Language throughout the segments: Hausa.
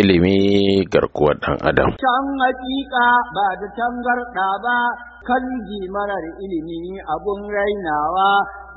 ilimi garkuwar ɗan adam. Can hakika ba da tangarɗa ba kan ji marar ilimi abun rainawa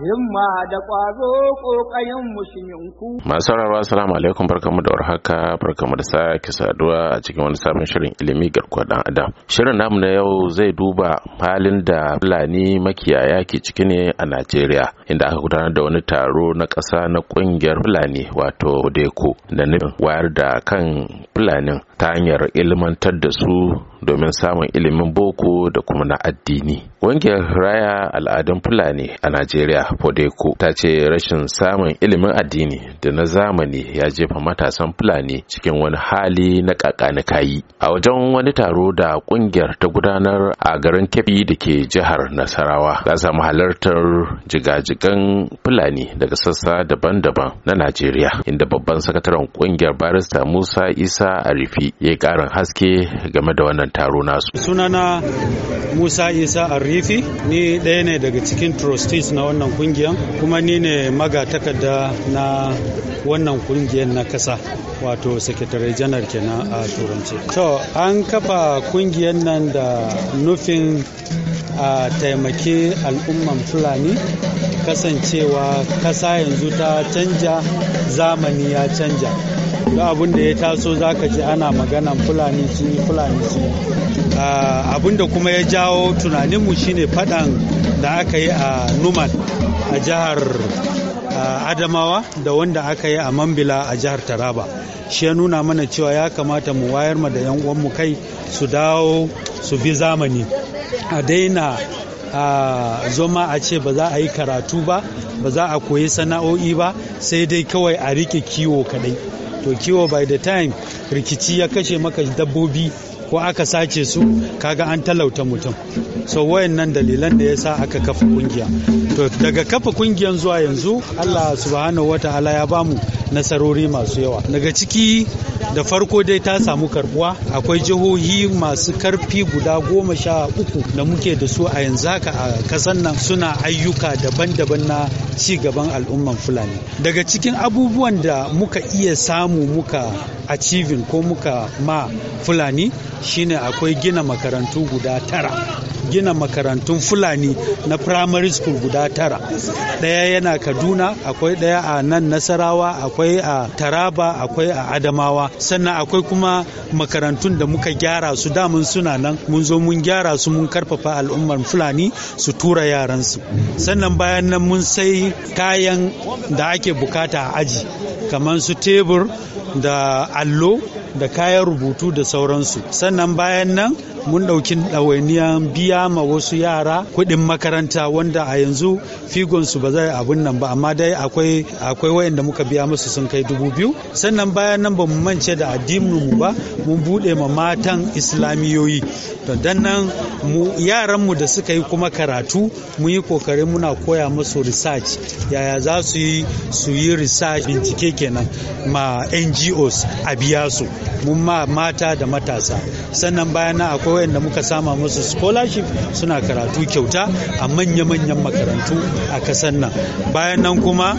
himma da ƙwazo ƙoƙayin musulminku. Masu rawa salamu alaikum barkamu da warhaka barkamu da sake saduwa a cikin wani sabon shirin ilimi garkuwar ɗan adam. Shirin namu na yau zai duba halin da Fulani makiyaya ke ciki ne a Najeriya. inda aka gudanar da wani taro na ƙasa na ƙungiyar fulani wato deko da nufin wayar da kan fulanin ta hanyar ilmantar da su domin samun ilimin boko da kuma na addini. Ƙungiyar raya al'adun Fulani a Najeriya Fodeko ta ce rashin samun ilimin addini da na zamani ya jefa matasan Fulani cikin wani hali na kayi. A wajen wani taro da ƙungiyar ta gudanar a garin kefi da ke jihar Nasarawa za samu halartar jigajiga mayakan Fulani daga sassa daban-daban na Najeriya inda babban sakataren kungiyar barista Musa Isa Arifi ya yi karin haske game da wannan taro nasu. Sunana Musa Isa Arifi ni ɗaya ne daga cikin trustees na wannan kungiyar kuma ni ne magatakarda na wannan kungiyar na kasa wato sakatare janar kenan a turance. To an kafa kungiyar nan da nufin a taimaki al'umman Fulani kasancewa kasa yanzu ta canja zamani ya canja da abin da ya taso zaka ji ana magana fulani sun fulani sun ah, abin da kuma ya jawo tunaninmu shine fadan da aka yi a numan a jihar adamawa da wanda aka yi a mambila a jihar taraba shi ya nuna mana cewa ya kamata mu wayar ma da 'yan uwanmu kai su dawo su bi zamani a daina zoma a ce ba za a yi karatu ba ba za a koyi sana'o'i ba sai dai kawai a rike kiwo kadai to kiwo by the time rikici ya kashe maka dabbobi ko aka sace su kaga an talauta mutum so nan dalilan da yasa aka kafa kungiya to daga kafa kungiyan zuwa yanzu Allah subhanahu wataala ya bamu nasarori masu yawa daga ciki da farko dai ta samu karbuwa akwai jihohi masu karfi guda goma sha uku da muke da su a yanzu haka a kasan nan suna ayyuka daban-daban na ci gaban al'umman fulani daga cikin abubuwan da muka iya samu muka achieving ko muka ma fulani shine akwai gina makarantu guda tara gina makarantun fulani na primary school guda tara ɗaya yana kaduna akwai ɗaya a nan nasarawa akwai a taraba akwai a adamawa sannan akwai kuma makarantun da muka gyara su damun suna nan mun zo mun gyara su mun karfafa al'ummar fulani su tura yaransu sannan bayan nan mun sai kayan da ake bukata a aji kamar su tebur da allo da kayan rubutu da sauransu sannan bayan nan mun ɗauki ɗawainiyan biya ma wasu yara kuɗin makaranta wanda a yanzu figonsu ba zai abun nan ba amma dai akwai akwai wayanda muka biya musu sun kai dubu biyu sannan bayan nan ba mu mance da addinin mu ba mun buɗe ma matan islamiyoyi to dan nan mu yaran mu da suka yi kuma karatu mu yi kokarin muna koya musu research yaya za su yi su yi research bincike kenan ma NG ngos a biya su mun ma mata da matasa sannan bayan na akwai wayanda muka sama musu scholarship suna karatu kyauta a manya-manyan makarantu a kasan nan bayan nan kuma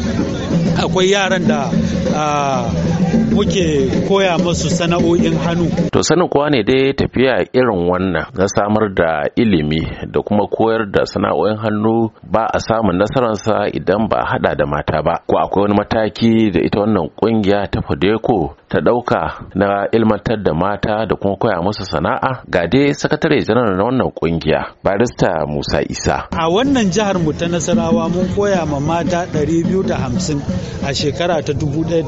akwai yaran da ah, muke koya masu sana'o'in hannu. To sanin kuwa ne dai tafiya irin wannan na samar da ilimi da kuma koyar da sana'o'in hannu ba a samun nasararsa idan ba a hada da mata ba. Ko akwai wani mataki da ita wannan kungiya ta Fadeko ta ɗauka na ilmantar da mata da kuma koya musu sana'a ga dai sakatare janar na wannan kungiya barista Musa Isa. A wannan jihar mu ta Nasarawa mun koya ma mata 250 a shekara ta 2021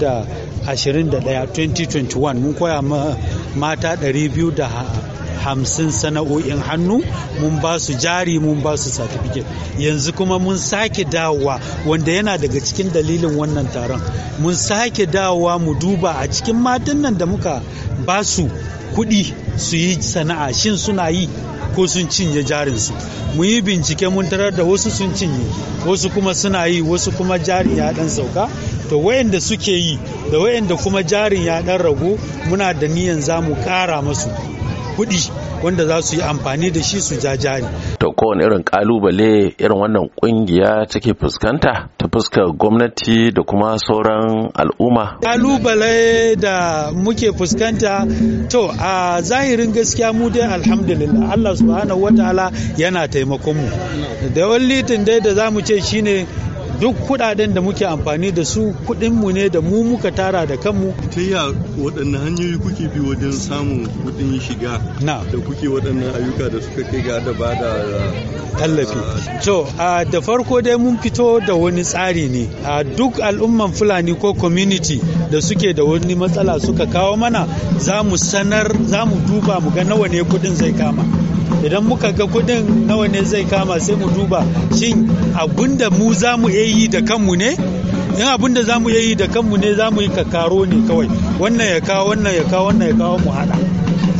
2021 mun koya ma mata 250 hamsin sana'o'in hannu mun ba su jari mun ba su certificate yanzu kuma mun sake dawowa wanda yana daga cikin dalilin wannan taron mun sake dawowa mu duba a cikin matan nan da muka ba su kuɗi su yi sana'a shin suna yi ko sun cinye jarinsu mu yi bincike mun tarar da wasu sun cinye wasu kuma suna yi wasu kuma jari ya dan sauka to wayanda suke yi da wayanda kuma jarin ya dan ragu muna da niyan za mu kara masu kuɗi wanda za su yi amfani da shi su jajani. To kowane irin kalubale irin wannan kungiya take fuskanta ta fuskar gwamnati da kuma sauran al'umma. Kalubale da muke fuskanta to a zahirin gaskiya mu dai alhamdulillah Allah subhanahu ta'ala yana taimakon mu. Da wani litin dai da za mu ce shine duk kudaden da muke amfani da su mu ne da mu muka tara da kanmu ta ya waɗanne hanyoyi kuke bi wajen samun kudin shiga na da kuke waɗannan ayyuka da suka kai ga da bada uh, tallafi uh, to a da farko dai mun fito da wani tsari ne a duk al'umman fulani ko community da suke da wani matsala suka kawo mana za mu sanar za mu duba mu ga nawa ne kudin zai kama idan muka ga kudin nawa ne zai kama sai mu duba shin abinda mu za mu yi da kanmu ne in da za mu yi da kanmu ne za mu yi kakaro ne kawai wannan ya kawo wannan ya kawo wannan ya kawo mu hada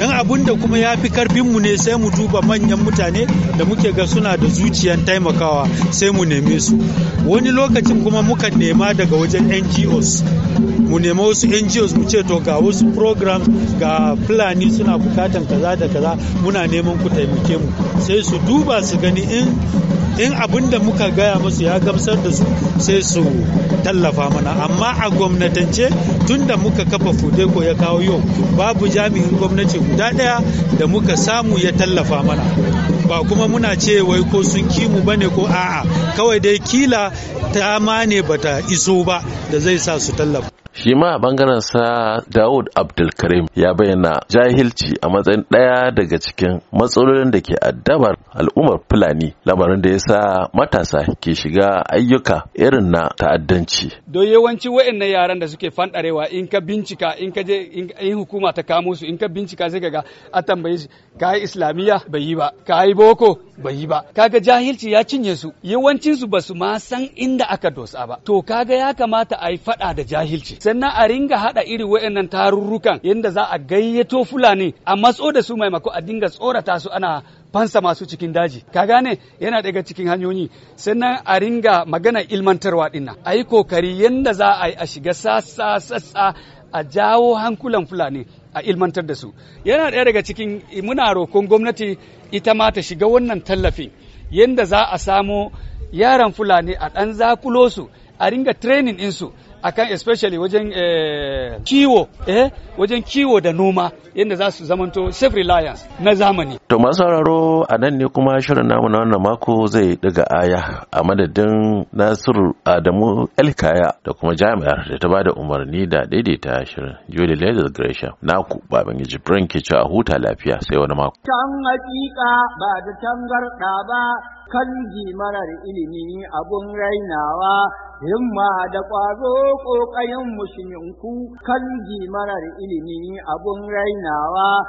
in da kuma ya fi mu ne sai mu duba manyan mutane da muke ga suna da zuciyan taimakawa sai mu neme su wani lokacin kuma muka nema daga wajen ngos mu nemi wasu NGOs mu ce to ga wasu program ga fulani suna bukatan kaza da kaza muna neman ku taimake mu sai su duba su gani in in abin da muka gaya musu ya gamsar da su sai su tallafa mana amma a gwamnatance tun da muka kafa fude ko ya kawo yau babu jami'in gwamnati guda ɗaya da muka samu ya tallafa mana ba kuma muna ce wai ko sun kimu ba ne ko a'a kawai dai kila ta ma ne bata iso ba da zai sa su tallafa shi ma a bangaren sa Dawud Abdulkarim ya bayyana jahilci a matsayin ɗaya daga cikin matsalolin da ke addabar al'ummar Fulani lamarin da ya sa matasa ke shiga ayyuka irin na ta'addanci. Do yawanci wa'annan yaran da suke fanɗarewa in ka bincika in ka je in hukuma ta kamo su in ka bincika sai ga a tambaye shi ka yi islamiyya bai yi ba ka yi boko bai yi ba kaga jahilci ya cinye su yawancin su basu ma san inda aka dosa ba to kaga ya kamata a yi faɗa da jahilci sannan a ringa hada iri wa'annan tarurrukan yadda za a gayyato fulani a matso da su maimako a dinga tsorata su ana fansa masu cikin daji ka gane yana daga cikin hanyoyi sannan a ringa magana ilmantarwa dinnan a yi kokari yadda za a yi a shiga sassa sassa a jawo hankulan fulani a ilmantar da su yana ɗaya daga cikin muna rokon gwamnati ita ma ta shiga wannan tallafin yadda za a samo yaran fulani a ɗan zakulo su a ringa training ɗinsu akan especially wajen eh, kiwo eh wajen kiwo da noma yadda za su zamanto self reliance na zamani to masu sauraro a nan ne kuma shirin namu na wannan mako zai ɗiga aya a madadin Nasiru Adamu Elkaya da kuma jami'ar da ta bada umarni da daidaita shirin Julie gresha na naku baban Jibran ke ci a huta lafiya sai wani mako can hakika ba da garɗa ba kanji marar ilimi abun rainawa himma da ƙwazo ƙoƙarin musulminku kanji marar ilimi abun rainawa